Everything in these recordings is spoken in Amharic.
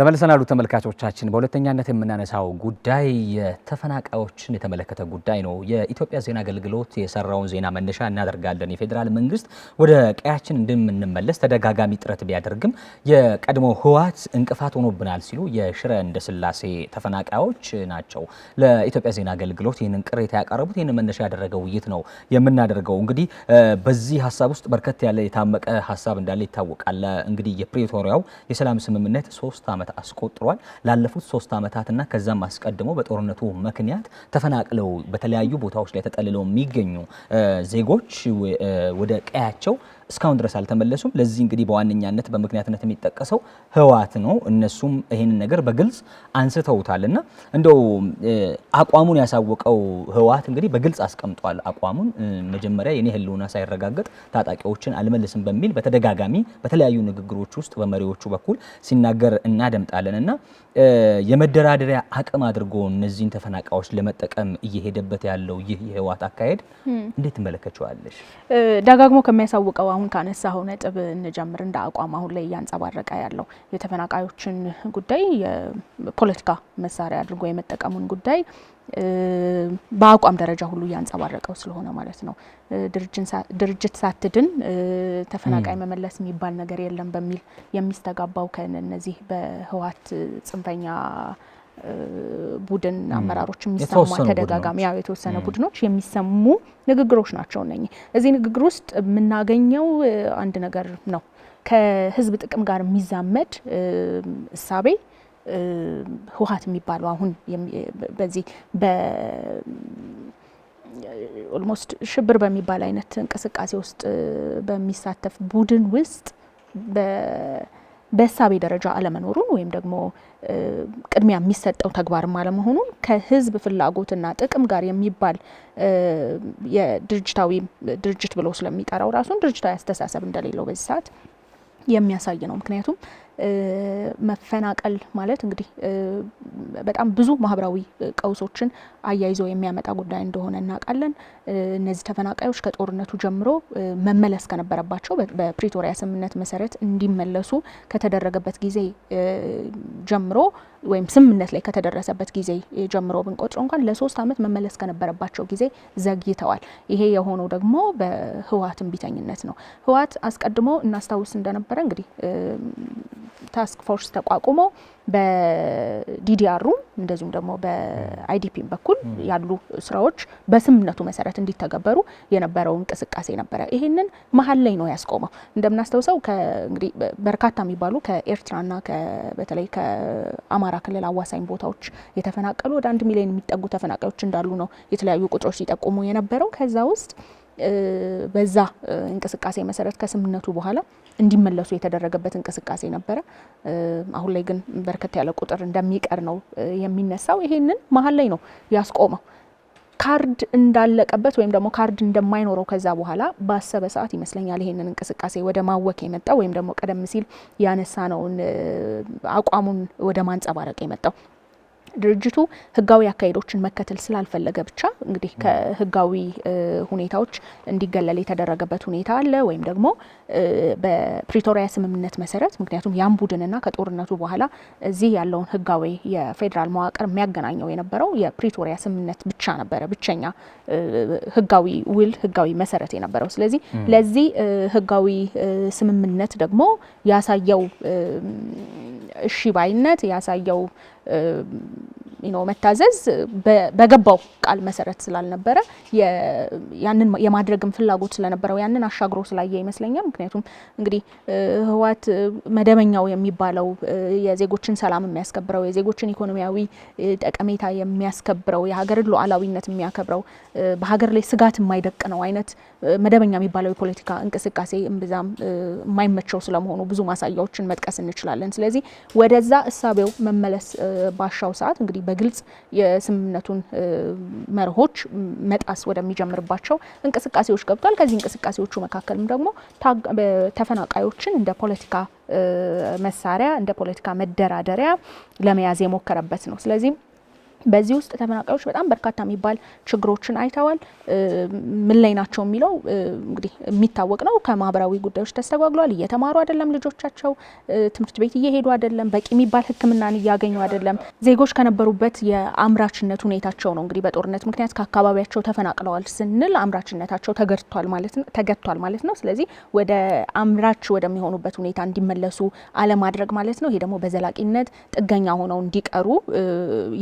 ተመልሰናሉ ተመልካቾቻችን። በሁለተኛነት የምናነሳው ጉዳይ የተፈናቃዮችን የተመለከተ ጉዳይ ነው። የኢትዮጵያ ዜና አገልግሎት የሰራውን ዜና መነሻ እናደርጋለን። የፌዴራል መንግስት ወደ ቀያችን እንደምንመለስ ተደጋጋሚ ጥረት ቢያደርግም የቀድሞ ህወሓት እንቅፋት ሆኖብናል ሲሉ የሽረ እንደስላሴ ተፈናቃዮች ናቸው ለኢትዮጵያ ዜና አገልግሎት ይህንን ቅሬታ ያቀረቡት። ይህንን መነሻ ያደረገ ውይይት ነው የምናደርገው። እንግዲህ በዚህ ሀሳብ ውስጥ በርከት ያለ የታመቀ ሀሳብ እንዳለ ይታወቃል። እንግዲህ የፕሪቶሪያው የሰላም ስምምነት ሶስት ዓመት አስቆጥሯል። ላለፉት ሶስት ዓመታትና ከዛም አስቀድሞ በጦርነቱ ምክንያት ተፈናቅለው በተለያዩ ቦታዎች ላይ ተጠልለው የሚገኙ ዜጎች ወደ ቀያቸው እስካሁን ድረስ አልተመለሱም። ለዚህ እንግዲህ በዋነኛነት በምክንያትነት የሚጠቀሰው ህወሓት ነው። እነሱም ይህንን ነገር በግልጽ አንስተውታል እና እንደው አቋሙን ያሳወቀው ህወሓት እንግዲህ በግልጽ አስቀምጧል አቋሙን። መጀመሪያ የኔ ህልውና ሳይረጋገጥ ታጣቂዎችን አልመልስም በሚል በተደጋጋሚ በተለያዩ ንግግሮች ውስጥ በመሪዎቹ በኩል ሲናገር እናደምጣለን እና የመደራደሪያ አቅም አድርጎ እነዚህን ተፈናቃዮች ለመጠቀም እየሄደበት ያለው ይህ የህወሓት አካሄድ እንዴት ትመለከችዋለሽ? ደጋግሞ ከሚያሳውቀው አሁን ካነሳኸው ነጥብ እንጀምር። እንደ አቋም አሁን ላይ እያንጸባረቀ ያለው የተፈናቃዮችን ጉዳይ የፖለቲካ መሳሪያ አድርጎ የመጠቀሙን ጉዳይ በአቋም ደረጃ ሁሉ እያንጸባረቀው ስለሆነ ማለት ነው። ድርጅት ሳትድን ተፈናቃይ መመለስ የሚባል ነገር የለም በሚል የሚስተጋባው ከእነዚህ በህወሓት ጽንፈኛ ቡድን አመራሮች የሚሰማ ተደጋጋሚ ያው የተወሰነ ቡድኖች የሚሰሙ ንግግሮች ናቸው እነኚህ። እዚህ ንግግር ውስጥ የምናገኘው አንድ ነገር ነው፣ ከህዝብ ጥቅም ጋር የሚዛመድ እሳቤ ህወሀት የሚባለው አሁን በዚህ ኦልሞስት ሽብር በሚባል አይነት እንቅስቃሴ ውስጥ በሚሳተፍ ቡድን ውስጥ በእሳቤ ደረጃ አለመኖሩን ወይም ደግሞ ቅድሚያ የሚሰጠው ተግባርም አለመሆኑን ከህዝብ ፍላጎትና ጥቅም ጋር የሚባል የድርጅታዊ ድርጅት ብሎ ስለሚጠራው ራሱን ድርጅታዊ አስተሳሰብ እንደሌለው በዚህ ሰዓት የሚያሳይ ነው። ምክንያቱም መፈናቀል ማለት እንግዲህ በጣም ብዙ ማህበራዊ ቀውሶችን አያይዞ የሚያመጣ ጉዳይ እንደሆነ እናውቃለን። እነዚህ ተፈናቃዮች ከጦርነቱ ጀምሮ መመለስ ከነበረባቸው በፕሪቶሪያ ስምምነት መሰረት እንዲመለሱ ከተደረገበት ጊዜ ጀምሮ ወይም ስምምነት ላይ ከተደረሰበት ጊዜ ጀምሮ ብንቆጥሮ እንኳን ለሶስት ዓመት መመለስ ከነበረባቸው ጊዜ ዘግይተዋል። ይሄ የሆነው ደግሞ በህወሓት እምቢተኝነት ነው። ህወሓት አስቀድሞ እናስታውስ እንደነበረ እንግዲህ ታስክ ፎርስ ተቋቁሞ በዲዲአሩም እንደዚሁም ደግሞ በአይዲፒም በኩል ያሉ ስራዎች በስምምነቱ መሰረት እንዲተገበሩ የነበረው እንቅስቃሴ ነበረ። ይህንን መሀል ላይ ነው ያስቆመው። እንደምናስተውሰው እንግዲህ በርካታ የሚባሉ ከኤርትራና በተለይ ከአማራ ክልል አዋሳኝ ቦታዎች የተፈናቀሉ ወደ አንድ ሚሊዮን የሚጠጉ ተፈናቃዮች እንዳሉ ነው የተለያዩ ቁጥሮች ሲጠቁሙ የነበረው ከዛ ውስጥ በዛ እንቅስቃሴ መሰረት ከስምምነቱ በኋላ እንዲመለሱ የተደረገበት እንቅስቃሴ ነበረ። አሁን ላይ ግን በርከት ያለ ቁጥር እንደሚቀር ነው የሚነሳው። ይሄንን መሀል ላይ ነው ያስቆመው። ካርድ እንዳለቀበት ወይም ደግሞ ካርድ እንደማይኖረው ከዛ በኋላ ባሰበ ሰዓት ይመስለኛል ይሄንን እንቅስቃሴ ወደ ማወክ የመጣው ወይም ደግሞ ቀደም ሲል ያነሳ ነውን አቋሙን ወደ ማንጸባረቅ የመጣው ድርጅቱ ህጋዊ አካሄዶችን መከተል ስላልፈለገ ብቻ እንግዲህ ከህጋዊ ሁኔታዎች እንዲገለል የተደረገበት ሁኔታ አለ። ወይም ደግሞ በፕሪቶሪያ ስምምነት መሰረት ምክንያቱም ያን ቡድንና ከጦርነቱ በኋላ እዚህ ያለውን ህጋዊ የፌዴራል መዋቅር የሚያገናኘው የነበረው የፕሪቶሪያ ስምምነት ብቻ ነበረ፣ ብቸኛ ህጋዊ ውል፣ ህጋዊ መሰረት የነበረው። ስለዚህ ለዚህ ህጋዊ ስምምነት ደግሞ ያሳየው እሺ ባይነት ያሳየው äh, መታዘዝ በገባው ቃል መሰረት ስላልነበረ ያንን የማድረግም ፍላጎት ስለነበረው ያንን አሻግሮ ስላየ ይመስለኛል። ምክንያቱም እንግዲህ ህወሓት መደበኛው የሚባለው የዜጎችን ሰላም የሚያስከብረው የዜጎችን ኢኮኖሚያዊ ጠቀሜታ የሚያስከብረው የሀገርን ሉዓላዊነት የሚያከብረው በሀገር ላይ ስጋት የማይደቅ ነው አይነት መደበኛ የሚባለው የፖለቲካ እንቅስቃሴ እምብዛም የማይመቸው ስለመሆኑ ብዙ ማሳያዎችን መጥቀስ እንችላለን። ስለዚህ ወደዛ እሳቤው መመለስ ባሻው ሰዓት እንግዲህ በግልጽ የስምምነቱን መርሆች መጣስ ወደሚጀምርባቸው እንቅስቃሴዎች ገብቷል። ከዚህ እንቅስቃሴዎቹ መካከልም ደግሞ ተፈናቃዮችን እንደ ፖለቲካ መሳሪያ እንደ ፖለቲካ መደራደሪያ ለመያዝ የሞከረበት ነው። ስለዚህም በዚህ ውስጥ ተፈናቃዮች በጣም በርካታ የሚባል ችግሮችን አይተዋል። ምን ላይ ናቸው የሚለው እንግዲህ የሚታወቅ ነው። ከማህበራዊ ጉዳዮች ተስተጓግሏል። እየተማሩ አይደለም ልጆቻቸው፣ ትምህርት ቤት እየሄዱ አይደለም፣ በቂ የሚባል ሕክምናን እያገኙ አይደለም። ዜጎች ከነበሩበት የአምራችነት ሁኔታቸው ነው እንግዲህ በጦርነት ምክንያት ከአካባቢያቸው ተፈናቅለዋል ስንል አምራችነታቸው ተገድቷል ማለት ነው። ስለዚህ ወደ አምራች ወደሚሆኑበት ሁኔታ እንዲመለሱ አለማድረግ ማለት ነው። ይሄ ደግሞ በዘላቂነት ጥገኛ ሆነው እንዲቀሩ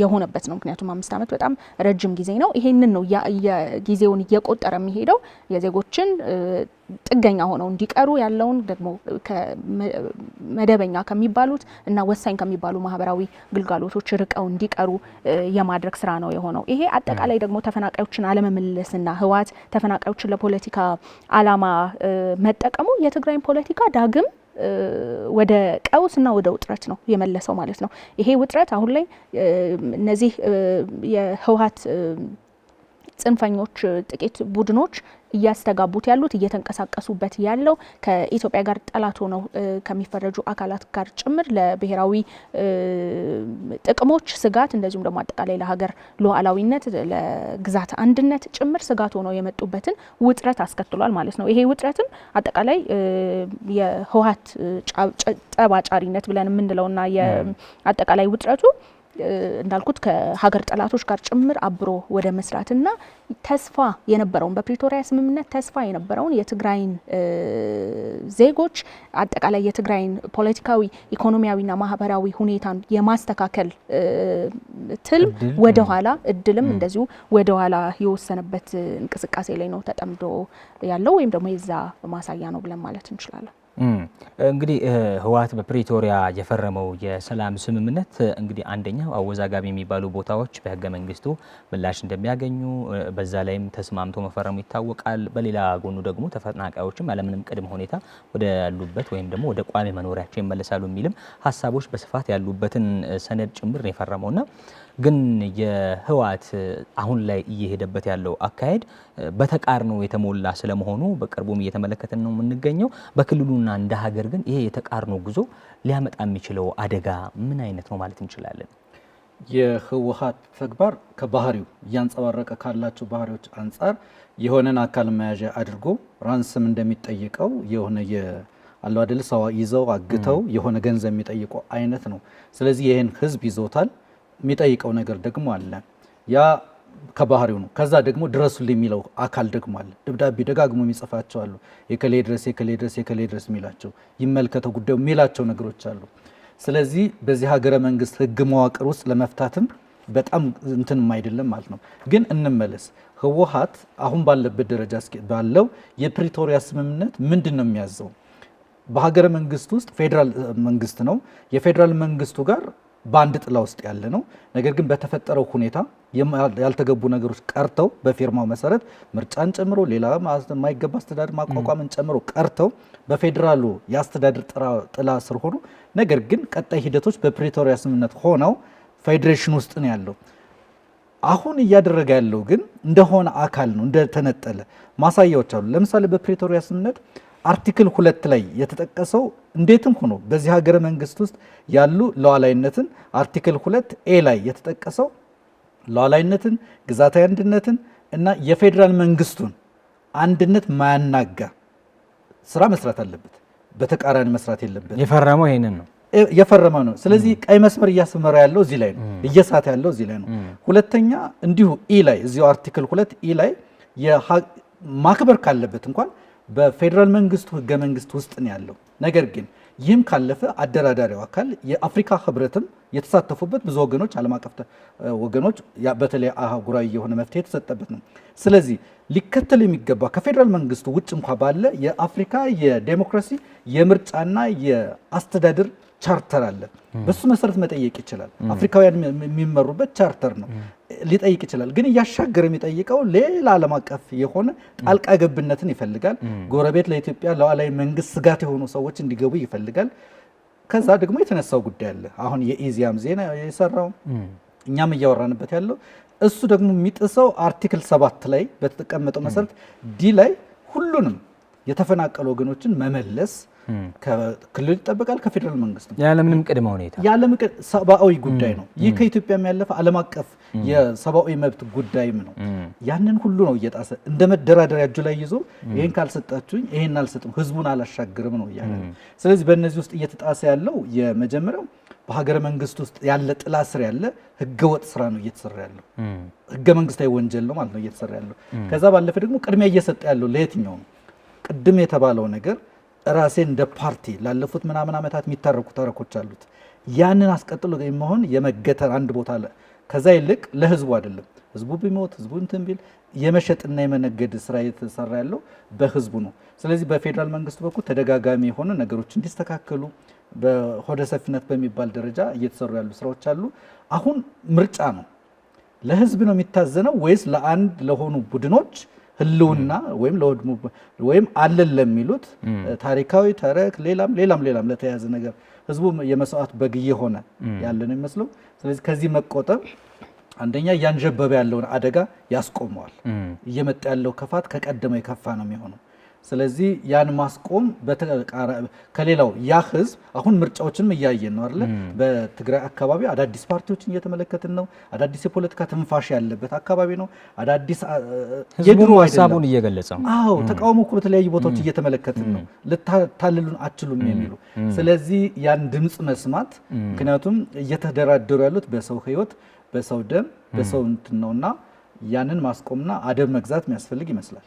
የሆነበት ነው። ምክንያቱም አምስት ዓመት በጣም ረጅም ጊዜ ነው። ይሄንን ነው ጊዜውን እየቆጠረ የሚሄደው የዜጎችን ጥገኛ ሆነው እንዲቀሩ ያለውን ደግሞ መደበኛ ከሚባሉት እና ወሳኝ ከሚባሉ ማህበራዊ ግልጋሎቶች ርቀው እንዲቀሩ የማድረግ ስራ ነው የሆነው። ይሄ አጠቃላይ ደግሞ ተፈናቃዮችን አለመመለስና ህወሓት ተፈናቃዮችን ለፖለቲካ አላማ መጠቀሙ የትግራይን ፖለቲካ ዳግም ወደ ቀውስ እና ወደ ውጥረት ነው የመለሰው ማለት ነው። ይሄ ውጥረት አሁን ላይ እነዚህ የህወሀት ጽንፈኞች ጥቂት ቡድኖች እያስተጋቡት ያሉት እየተንቀሳቀሱበት ያለው ከኢትዮጵያ ጋር ጠላት ሆነው ከሚፈረጁ አካላት ጋር ጭምር ለብሔራዊ ጥቅሞች ስጋት እንደዚሁም ደግሞ አጠቃላይ ለሀገር ሉዓላዊነት፣ ለግዛት አንድነት ጭምር ስጋት ሆነው የመጡበትን ውጥረት አስከትሏል ማለት ነው። ይሄ ውጥረትም አጠቃላይ የህወሓት ጠባጫሪነት ብለን የምንለውና አጠቃላይ ውጥረቱ እንዳልኩት ከሀገር ጠላቶች ጋር ጭምር አብሮ ወደ መስራትና ተስፋ የነበረውን በፕሪቶሪያ ስምምነት ተስፋ የነበረውን የትግራይን ዜጎች አጠቃላይ የትግራይን ፖለቲካዊ፣ ኢኮኖሚያዊና ማህበራዊ ሁኔታን የማስተካከል ትልም ወደኋላ እድልም እንደዚሁ ወደኋላ የወሰነበት እንቅስቃሴ ላይ ነው ተጠምዶ ያለው ወይም ደግሞ የዛ ማሳያ ነው ብለን ማለት እንችላለን። እንግዲህ ህወሓት በፕሪቶሪያ የፈረመው የሰላም ስምምነት እንግዲህ አንደኛው አወዛጋቢ የሚባሉ ቦታዎች በህገ መንግስቱ ምላሽ እንደሚያገኙ በዛ ላይም ተስማምቶ መፈረሙ ይታወቃል። በሌላ ጎኑ ደግሞ ተፈናቃዮችም ያለምንም ቅድመ ሁኔታ ወደ ያሉበት ወይም ደግሞ ወደ ቋሚ መኖሪያቸው ይመለሳሉ የሚልም ሀሳቦች በስፋት ያሉበትን ሰነድ ጭምር ነው የፈረመውና ግን የህወሓት አሁን ላይ እየሄደበት ያለው አካሄድ በተቃርኖ የተሞላ ስለመሆኑ በቅርቡም እየተመለከትን ነው የምንገኘው። በክልሉና እንደ ሀገር ግን ይሄ የተቃርኖ ጉዞ ሊያመጣ የሚችለው አደጋ ምን አይነት ነው ማለት እንችላለን? የህወሓት ተግባር ከባህሪው እያንጸባረቀ ካላቸው ባህሪዎች አንጻር የሆነን አካል መያዣ አድርጎ ራንስም እንደሚጠይቀው የሆነ አለው አይደል ሰው ይዘው አግተው የሆነ ገንዘብ የሚጠይቁ አይነት ነው። ስለዚህ ይህን ህዝብ ይዞታል። የሚጠይቀው ነገር ደግሞ አለ። ያ ከባህሪው ነው። ከዛ ደግሞ ድረሱልኝ የሚለው አካል ደግሞ አለ። ደብዳቤ ደጋግሞ የሚጽፋቸው አሉ። የከሌ ድረስ፣ የከሌ ድረስ፣ የከሌ ድረስ የሚላቸው ይመልከተው ጉዳዩ የሚላቸው ነገሮች አሉ። ስለዚህ በዚህ ሀገረ መንግስት ህግ መዋቅር ውስጥ ለመፍታትም በጣም እንትንም አይደለም ማለት ነው። ግን እንመለስ። ህወሀት አሁን ባለበት ደረጃ ባለው የፕሪቶሪያ ስምምነት ምንድን ነው የሚያዘው? በሀገረ መንግስት ውስጥ ፌዴራል መንግስት ነው። የፌዴራል መንግስቱ ጋር በአንድ ጥላ ውስጥ ያለ ነው። ነገር ግን በተፈጠረው ሁኔታ ያልተገቡ ነገሮች ቀርተው በፊርማው መሰረት ምርጫን ጨምሮ ሌላ የማይገባ አስተዳደር ማቋቋምን ጨምሮ ቀርተው በፌዴራሉ የአስተዳደር ጥላ ስር ሆኑ። ነገር ግን ቀጣይ ሂደቶች በፕሪቶሪያ ስምምነት ሆነው ፌዴሬሽን ውስጥ ነው ያለው። አሁን እያደረገ ያለው ግን እንደሆነ አካል ነው እንደተነጠለ ማሳያዎች አሉ። ለምሳሌ በፕሪቶሪያ ስምምነት አርቲክል ሁለት ላይ የተጠቀሰው እንዴትም ሆኖ በዚህ ሀገረ መንግስት ውስጥ ያሉ ሉዓላዊነትን አርቲክል ሁለት ኤ ላይ የተጠቀሰው ሉዓላዊነትን፣ ግዛታዊ አንድነትን እና የፌዴራል መንግስቱን አንድነት ማያናጋ ስራ መስራት አለበት። በተቃራኒ መስራት የለበት። የፈረመው ይህንን ነው የፈረመ ነው። ስለዚህ ቀይ መስመር እያስመራ ያለው እዚህ ላይ ነው፣ እየሳተ ያለው እዚህ ላይ ነው። ሁለተኛ እንዲሁ ኢ ላይ እዚሁ አርቲክል ሁለት ኢ ላይ ማክበር ካለበት እንኳን በፌዴራል መንግስቱ ህገ መንግስት ውስጥ ነው ያለው። ነገር ግን ይህም ካለፈ አደራዳሪው አካል የአፍሪካ ህብረትም የተሳተፉበት ብዙ ወገኖች ዓለም አቀፍ ወገኖች በተለይ አህጉራዊ የሆነ መፍትሄ የተሰጠበት ነው። ስለዚህ ሊከተል የሚገባ ከፌዴራል መንግስቱ ውጭ እንኳ ባለ የአፍሪካ የዴሞክራሲ የምርጫና የአስተዳደር ቻርተር አለ። በሱ መሰረት መጠየቅ ይችላል። አፍሪካውያን የሚመሩበት ቻርተር ነው ሊጠይቅ ይችላል። ግን እያሻገረ የሚጠይቀው ሌላ ዓለም አቀፍ የሆነ ጣልቃ ገብነትን ይፈልጋል። ጎረቤት ለኢትዮጵያ ሉዓላዊ መንግስት ስጋት የሆኑ ሰዎች እንዲገቡ ይፈልጋል። ከዛ ደግሞ የተነሳው ጉዳይ አለ። አሁን የኢዚያም ዜና የሰራው እኛም እያወራንበት ያለው እሱ ደግሞ የሚጥሰው አርቲክል ሰባት ላይ በተቀመጠው መሰረት ዲ ላይ ሁሉንም የተፈናቀሉ ወገኖችን መመለስ ከክልል ይጠበቃል፣ ከፌዴራል መንግስት ነው። ያለምንም ቅድመ ሁኔታ ሰብአዊ ጉዳይ ነው። ይህ ከኢትዮጵያ የሚያለፈ ዓለም አቀፍ የሰብአዊ መብት ጉዳይም ነው። ያንን ሁሉ ነው እየጣሰ እንደ መደራደሪያ እጁ ላይ ይዞ ይህን ካልሰጣችሁኝ ይህን አልሰጥም፣ ህዝቡን አላሻግርም ነው እያለ ስለዚህ በእነዚህ ውስጥ እየተጣሰ ያለው የመጀመሪያው በሀገረ መንግስት ውስጥ ያለ ጥላ ስር ያለ ህገወጥ ስራ ነው እየተሰራ ያለው። ህገ መንግስታዊ ወንጀል ነው ማለት ነው እየተሰራ ያለው። ከዛ ባለፈ ደግሞ ቅድሚያ እየሰጠ ያለው ለየትኛው ነው? ቅድም የተባለው ነገር ራሴን እንደ ፓርቲ ላለፉት ምናምን ዓመታት የሚታረኩ ተረኮች አሉት። ያንን አስቀጥሎ መሆን የመገተር አንድ ቦታ አለ። ከዛ ይልቅ ለህዝቡ አይደለም ህዝቡ ቢሞት ህዝቡ እንትን ቢል የመሸጥና የመነገድ ስራ እየተሰራ ያለው በህዝቡ ነው። ስለዚህ በፌዴራል መንግስቱ በኩል ተደጋጋሚ የሆነ ነገሮች እንዲስተካከሉ በሆደ ሰፊነት በሚባል ደረጃ እየተሰሩ ያሉ ስራዎች አሉ። አሁን ምርጫ ነው። ለህዝብ ነው የሚታዘነው ወይስ ለአንድ ለሆኑ ቡድኖች ህልውና ወይም ለወድሙ ወይም አለን ለሚሉት ታሪካዊ ተረክ ሌላም ሌላም ሌላም ለተያዘ ነገር ህዝቡ የመስዋዕት በግ እየሆነ ያለ ነው የሚመስለው። ስለዚህ ከዚህ መቆጠብ አንደኛ እያንዣበበ ያለውን አደጋ ያስቆመዋል። እየመጣ ያለው ክፋት ከቀደመው የከፋ ነው የሚሆነው። ስለዚህ ያን ማስቆም ከሌላው ያ ህዝብ አሁን ምርጫዎችንም እያየን ነው አለ በትግራይ አካባቢ አዳዲስ ፓርቲዎችን እየተመለከትን ነው። አዳዲስ የፖለቲካ ትንፋሽ ያለበት አካባቢ ነው። አዳዲስ የድሮ ሀሳቡን እየገለጸ አዎ፣ ተቃውሞ እኮ በተለያዩ ቦታዎች እየተመለከትን ነው። ልታልሉን አችሉም የሚሉ ስለዚህ ያን ድምፅ መስማት ምክንያቱም እየተደራደሩ ያሉት በሰው ህይወት፣ በሰው ደም፣ በሰው እንትን ነውና ያንን ማስቆምና አደብ መግዛት የሚያስፈልግ ይመስላል።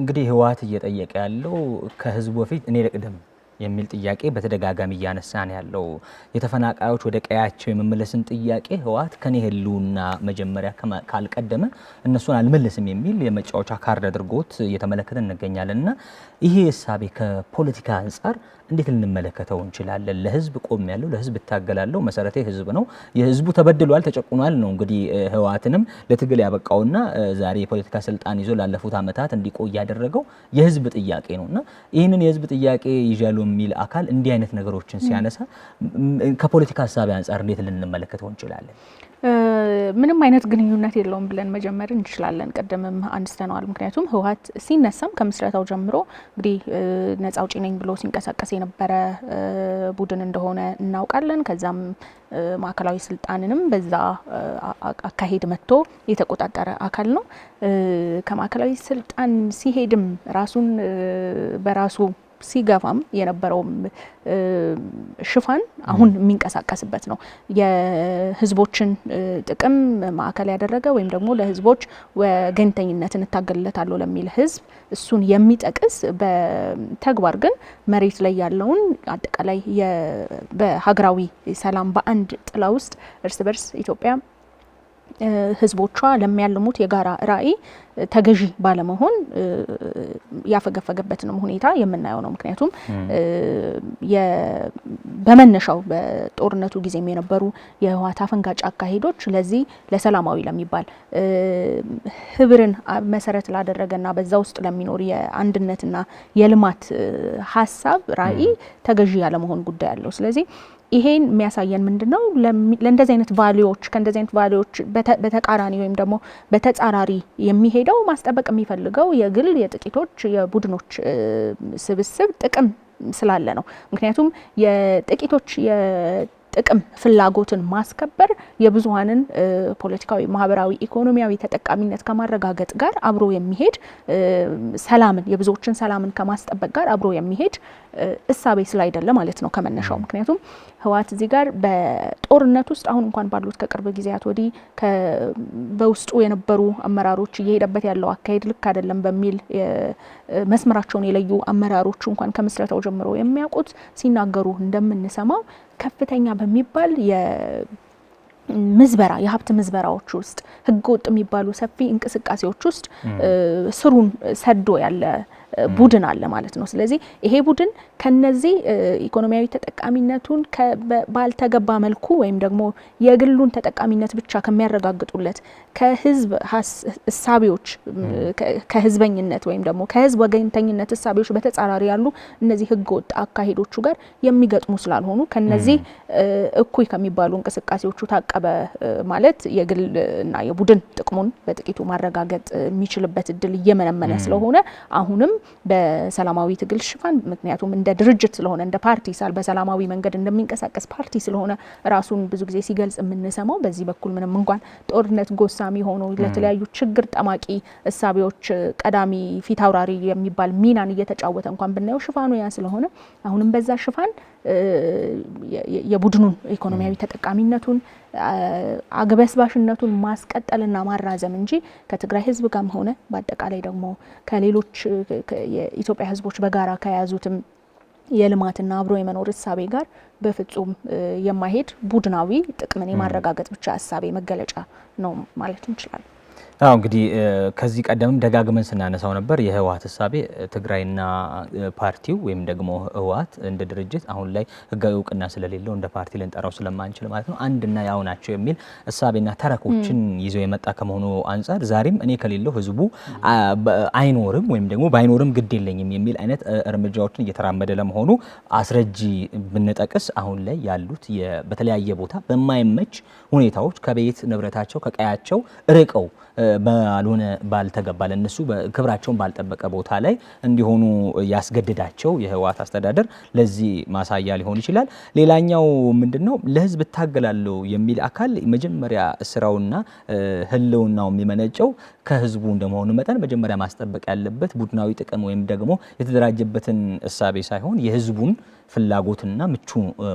እንግዲህ ህወሓት እየጠየቀ ያለው ከህዝቡ በፊት እኔ ልቅደም የሚል ጥያቄ በተደጋጋሚ እያነሳን ያለው የተፈናቃዮች ወደ ቀያቸው የመመለስን ጥያቄ ህወሓት ከኔ ህልውና መጀመሪያ ካልቀደመ እነሱን አልመልስም የሚል የመጫወቻ ካርድ አድርጎት እየተመለከተ እንገኛለን እና ይሄ እሳቤ ከፖለቲካ አንጻር እንዴት ልንመለከተው እንችላለን? ለህዝብ ቆም ያለው ለህዝብ እታገላለሁ መሰረቴ ህዝብ ነው። የህዝቡ ተበድሏል፣ ተጨቁኗል ነው እንግዲህ ህወሓትንም ለትግል ያበቃውና ዛሬ የፖለቲካ ስልጣን ይዞ ላለፉት ዓመታት እንዲቆይ ያደረገው የህዝብ ጥያቄ ነው እና ይህንን የህዝብ ጥያቄ ይዣሉ የሚል አካል እንዲህ አይነት ነገሮችን ሲያነሳ ከፖለቲካ ሀሳቢ አንጻር እንዴት ልንመለከተው እንችላለን? ምንም አይነት ግንኙነት የለውም ብለን መጀመር እንችላለን። ቀደምም አንስተነዋል። ምክንያቱም ህወሓት ሲነሳም ከምስረታው ጀምሮ እንግዲህ ነጻ አውጪ ነኝ ብሎ ሲንቀሳቀስ የነበረ ቡድን እንደሆነ እናውቃለን። ከዛም ማዕከላዊ ስልጣንንም በዛ አካሄድ መጥቶ የተቆጣጠረ አካል ነው። ከማዕከላዊ ስልጣን ሲሄድም ራሱን በራሱ ሲገፋም የነበረውም ሽፋን አሁን የሚንቀሳቀስበት ነው። የህዝቦችን ጥቅም ማዕከል ያደረገ ወይም ደግሞ ለህዝቦች ወገንተኝነትን እታገልለታለሁ ለሚል ህዝብ እሱን የሚጠቅስ በተግባር ግን መሬት ላይ ያለውን አጠቃላይ በሀገራዊ ሰላም በአንድ ጥላ ውስጥ እርስ በርስ ኢትዮጵያ ህዝቦቿ ለሚያልሙት የጋራ ራዕይ ተገዢ ባለመሆን ያፈገፈገበትንም ሁኔታ የምናየው ነው። ምክንያቱም በመነሻው በጦርነቱ ጊዜም የነበሩ የህወሓት አፈንጋጭ አካሄዶች ለዚህ ለሰላማዊ ለሚባል ህብርን መሰረት ላደረገና በዛ ውስጥ ለሚኖር የአንድነትና የልማት ሀሳብ ራዕይ ተገዢ ያለመሆን ጉዳይ አለው። ስለዚህ ይሄን የሚያሳየን ምንድን ነው? ለእንደዚህ አይነት ቫሊዎች ከእንደዚህ አይነት ቫሊዎች በተቃራኒ ወይም ደግሞ በተጻራሪ የሚሄደው ማስጠበቅ የሚፈልገው የግል የጥቂቶች የቡድኖች ስብስብ ጥቅም ስላለ ነው። ምክንያቱም የጥቂቶች ጥቅም ፍላጎትን ማስከበር የብዙሀንን ፖለቲካዊ፣ ማህበራዊ፣ ኢኮኖሚያዊ ተጠቃሚነት ከማረጋገጥ ጋር አብሮ የሚሄድ ሰላምን የብዙዎችን ሰላምን ከማስጠበቅ ጋር አብሮ የሚሄድ እሳቤ ስላይደለ ማለት ነው ከመነሻው ምክንያቱም ህወሓት እዚህ ጋር በጦርነት ውስጥ አሁን እንኳን ባሉት ከቅርብ ጊዜያት ወዲህ በውስጡ የነበሩ አመራሮች እየሄደበት ያለው አካሄድ ልክ አይደለም በሚል መስመራቸውን የለዩ አመራሮቹ እንኳን ከምስረታው ጀምሮ የሚያውቁት ሲናገሩ እንደምንሰማው ከፍተኛ በሚባል ምዝበራ የሀብት ምዝበራዎች ውስጥ ህገ ወጥ የሚባሉ ሰፊ እንቅስቃሴዎች ውስጥ ስሩን ሰዶ ያለ ቡድን አለ ማለት ነው። ስለዚህ ይሄ ቡድን ከነዚህ ኢኮኖሚያዊ ተጠቃሚነቱን ባልተገባ መልኩ ወይም ደግሞ የግሉን ተጠቃሚነት ብቻ ከሚያረጋግጡለት ከህዝብ እሳቤዎች ከህዝበኝነት ወይም ደግሞ ከህዝብ ወገኝተኝነት እሳቤዎች በተጻራሪ ያሉ እነዚህ ህገ ወጥ አካሄዶቹ ጋር የሚገጥሙ ስላልሆኑ ከነዚህ እኩይ ከሚባሉ እንቅስቃሴዎቹ ታቀበ ማለት የግልና የቡድን ጥቅሙን በጥቂቱ ማረጋገጥ የሚችልበት እድል እየመነመነ ስለሆነ አሁንም በሰላማዊ ትግል ሽፋን ምክንያቱም እንደ ድርጅት ስለሆነ እንደ ፓርቲ ሳል በሰላማዊ መንገድ እንደሚንቀሳቀስ ፓርቲ ስለሆነ ራሱን ብዙ ጊዜ ሲገልጽ የምንሰማው በዚህ በኩል ምንም እንኳን ጦርነት ጎሳሚ ሆኖ ለተለያዩ ችግር ጠማቂ እሳቤዎች ቀዳሚ ፊት አውራሪ የሚባል ሚናን እየተጫወተ እንኳን ብናየው ሽፋኑ ያ ስለሆነ አሁንም በዛ ሽፋን የቡድኑን ኢኮኖሚያዊ ተጠቃሚነቱን አግበስባሽነቱን ማስቀጠልና ማራዘም እንጂ ከትግራይ ህዝብ ጋርም ሆነ በአጠቃላይ ደግሞ ከሌሎች የኢትዮጵያ ህዝቦች በጋራ ከያዙትም የልማትና አብሮ የመኖር እሳቤ ጋር በፍጹም የማይሄድ ቡድናዊ ጥቅምን የማረጋገጥ ብቻ እሳቤ መገለጫ ነው ማለት እንችላለን። አዎ እንግዲህ ከዚህ ቀደምም ደጋግመን ስናነሳው ነበር የህወሀት እሳቤ ትግራይና ፓርቲው ወይም ደግሞ ህወሀት እንደ ድርጅት አሁን ላይ ህጋዊ እውቅና ስለሌለው እንደ ፓርቲ ልንጠራው ስለማንችል ማለት ነው አንድና ያው ናቸው የሚል እሳቤና ተረኮችን ይዘው የመጣ ከመሆኑ አንጻር ዛሬም እኔ ከሌለው ህዝቡ አይኖርም ወይም ደግሞ ባይኖርም ግድ የለኝም የሚል አይነት እርምጃዎችን እየተራመደ ለመሆኑ አስረጂ ብንጠቅስ አሁን ላይ ያሉት በተለያየ ቦታ በማይመች ሁኔታዎች ከቤት ንብረታቸው ከቀያቸው ርቀው ባልሆነ ባልተገባ ለእነሱ ክብራቸውን ባልጠበቀ ቦታ ላይ እንዲሆኑ ያስገድዳቸው የህወሓት አስተዳደር ለዚህ ማሳያ ሊሆን ይችላል። ሌላኛው ምንድን ነው ለህዝብ እታገላለሁ የሚል አካል መጀመሪያ ስራውና ህልውናው የሚመነጨው ከህዝቡ እንደመሆኑ መጠን መጀመሪያ ማስጠበቅ ያለበት ቡድናዊ ጥቅም ወይም ደግሞ የተደራጀበትን እሳቤ ሳይሆን የህዝቡን ፍላጎትና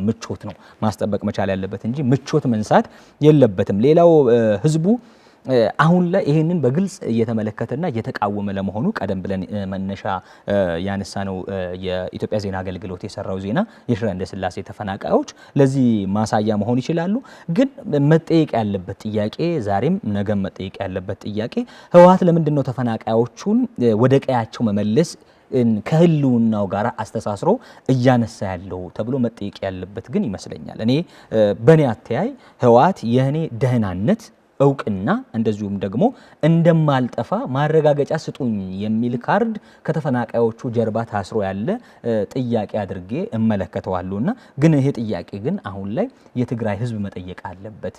ምቾት ነው ማስጠበቅ መቻል ያለበት እንጂ ምቾት መንሳት የለበትም። ሌላው ህዝቡ አሁን ላይ ይህንን በግልጽ እየተመለከተና እየተቃወመ ለመሆኑ ቀደም ብለን መነሻ ያነሳ ነው የኢትዮጵያ ዜና አገልግሎት የሰራው ዜና የሽረ ስላሴ ተፈናቃዮች ለዚህ ማሳያ መሆን ይችላሉ። ግን መጠየቅ ያለበት ጥያቄ ዛሬም ነገም መጠየቅ ያለበት ጥያቄ ህወሓት ለምንድን ነው ተፈናቃዮቹን ወደ ቀያቸው መመለስ ከህልውናው ጋር አስተሳስሮ እያነሳ ያለው ተብሎ መጠየቅ ያለበት ግን ይመስለኛል። እኔ በእኔ አተያይ ህወሓት የእኔ ደህናነት እውቅና እንደዚሁም ደግሞ እንደማልጠፋ ማረጋገጫ ስጡኝ የሚል ካርድ ከተፈናቃዮቹ ጀርባ ታስሮ ያለ ጥያቄ አድርጌ እመለከተዋለሁ እና ግን ይሄ ጥያቄ ግን አሁን ላይ የትግራይ ሕዝብ መጠየቅ አለበት።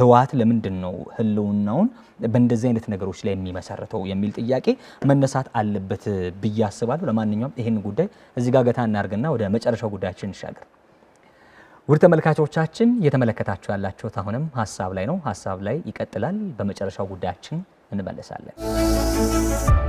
ህወሓት ለምንድን ነው ህልውናውን በእንደዚህ አይነት ነገሮች ላይ የሚመሰረተው የሚል ጥያቄ መነሳት አለበት ብዬ አስባለሁ። ለማንኛውም ይህን ጉዳይ እዚህ ጋር ገታ እናርግና ወደ መጨረሻው ጉዳያችን እንሻገር። ውድ ተመልካቾቻችን እየተመለከታችሁ ያላችሁት አሁንም ሀሳብ ላይ ነው። ሀሳብ ላይ ይቀጥላል። በመጨረሻው ጉዳያችን እንመለሳለን።